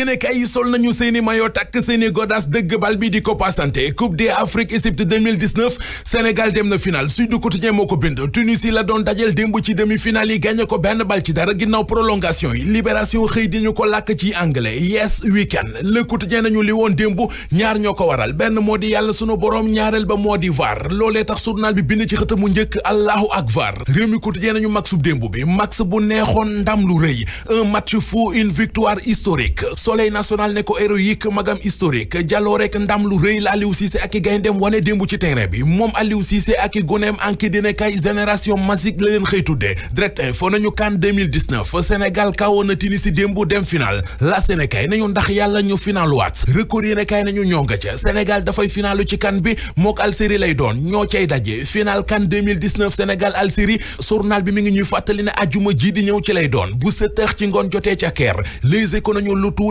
yéen kay yi sol nañu seeni maillot takk seeni godas dëgg bal bi di ko passante coupe d'Afrique Égypte Sénégal dem na final Sud Quotidien moo ko bind Tunisie la doon dajel démb ci demi-finale yi gagné ko benn bal ci dara ginnaaw prolongation yi libération xëy di ñu ko làkk ci anglais yes weekend Le Quotidien nañu li woon démb ñaar ñoo ko waral benn moo di yàlla sunu borom ñaareel ba moo di var loolee tax journal bi bind ci xët mu njëkk allahu akbar réew mi Quotidien nañu max bu démb bi max bu neexoon ndam lu rëy un match fou une soleil national ne ko héroïque magam historique jàlloo rek ndam lu rëy la Aliou Cissé ak i gayndeem wane démb ci terrain bi moom Aliou Cissé ak i goneem anki dina kay génération magique la leen xëy tuddee direct info nañu CAN 2019 kawoon na Tunisie démbu dem final la Sénégal nañu ndax yàlla ñu final waat record yéen nañu ñoo nga ca Sénégal dafay finalu ci CAN bi mook Algérie lay doon ñoo cay daje final CAN 2019 Sénégal Algérie bi mi ngi ñuy fàttali ne ajuma ji di ñëw ci lay doon bu sept heures ci ngoon jotee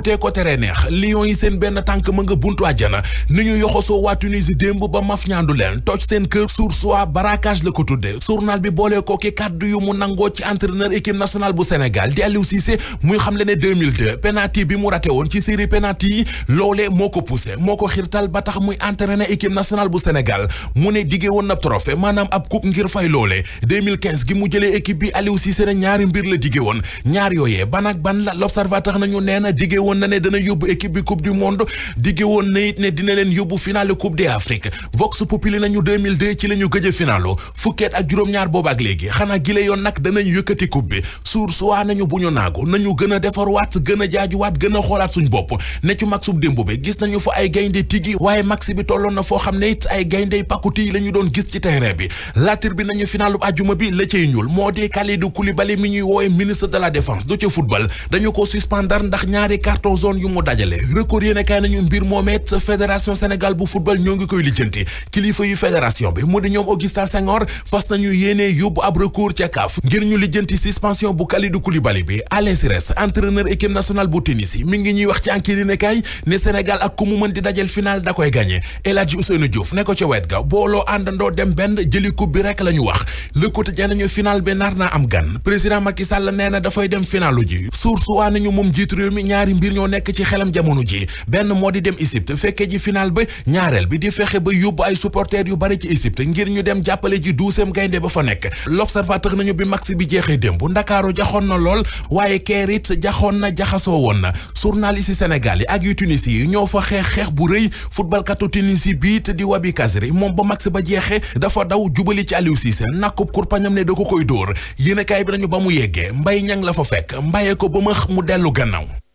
te ko teree neex lions yi seen benn tànk ma nga buntu àjjana ni ñu yoxosoo waa Tunisie démb ba maf ñaandu leen toj seen kër sur soit barracage la ko tudde journal bi boolee ko ki kàddu yu mu nangoo ci entraîneur équipe nationale bu Sénégal di Aliou Cissé muy xam le ne 2002 penalty bi mu raté woon ci série penalty yi loolee moo ko poussé moo ko xirtal ba tax muy entraîneur équipe nationale bu Sénégal mu ne diggee woon na trophée maanaam ab coupe ngir fay loolee 2015 gi mu jëlee équipe bi la diggee woon ñaar yooyee ban ak ban la woon na ne dana yóbbu équipe bi coupe du monde digge woon na it ne dina leen yóbbu finale coupe d'Afrique Vox Populi nañu 2002 ci la ñu gëj a finalu fukkeet ak juróom-ñaar boobu ak léegi xanaa gile yoon nag danañ yëkkati coupe bi suur suwaa nañu bu ñu naagu nañu gën a defarwaat gën a waat gën a xoolaat suñ bopp ne ci maxub démb bi gis nañu fa ay gaynde tigi waaye max bi tolloon na foo xam ne it ay gayndey pakuti yi ñu doon gis ci terrain bi laatir bi nañu finalu ajuma bi la moo di Kalidou Koulibaly mi ñuy woowe ministre de la défense du carton jaune yu mu dajale record yéen kaay nañu mbir moomet fédération Sénégal bu football ñoo ngi koy lijjanti kilifa yu fédération bi mu di ñoom Augustin Senghor fas nañu yéenee yóbbu ab recours ca CAF ngir ñu lijjanti suspension bu Kalidou Koulibaly bi Alain Sires entraîneur équipe nationale bu tennis mi ngi ñuy wax ci enquête yéen kaay ne Sénégal ak ku mu mën di dajal final na koy gagné El Hadji Ousseynou Diouf ne ko ca wet ga booloo àndandoo dem benn jëli coupe bi rek la ñu wax Le Quotidien nañu final bi nar am gan président Macky Sall nee na dafay dem finalu ji source waa nañu moom jiitu réew mi mbir ñoo nekk ci xelam jamono ji benn moo di dem Égypte fekkee ji final ba ñaareel bi di fexe ba yóbbu ay supporters yu bari ci Égypte ngir ñu dem jàppale ji douzième gaynde ba fa nekk l'observateur nañu bi max bi jeexee démb Ndakaaru jaxoon na lool waaye keer it jaxoon na jaxasoo woon na journaliste senegal yi ak yu Tunisie yi ñoo fa xeex xeex bu rëy footballkatu Tunisie bii te di Wabi Kazri moom ba max ba jeexee dafa daw jubali ci Aliou seen nakub kurpañam ne da ko koy dóor yéenekaay bi nañu ba mu yeggee mbay ñang la fa fekk mbayee ko ba ma mu dellu gannaaw